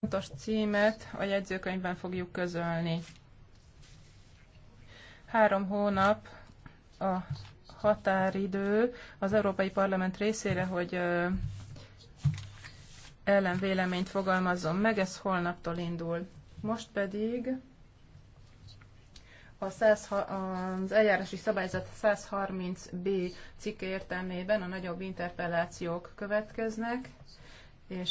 pontos címet a jegyzőkönyvben fogjuk közölni. Három hónap a határidő az Európai Parlament részére, hogy ellenvéleményt fogalmazzon meg, ez holnaptól indul. Most pedig a 100, az eljárási szabályzat 130b cikke értelmében a nagyobb interpellációk következnek, és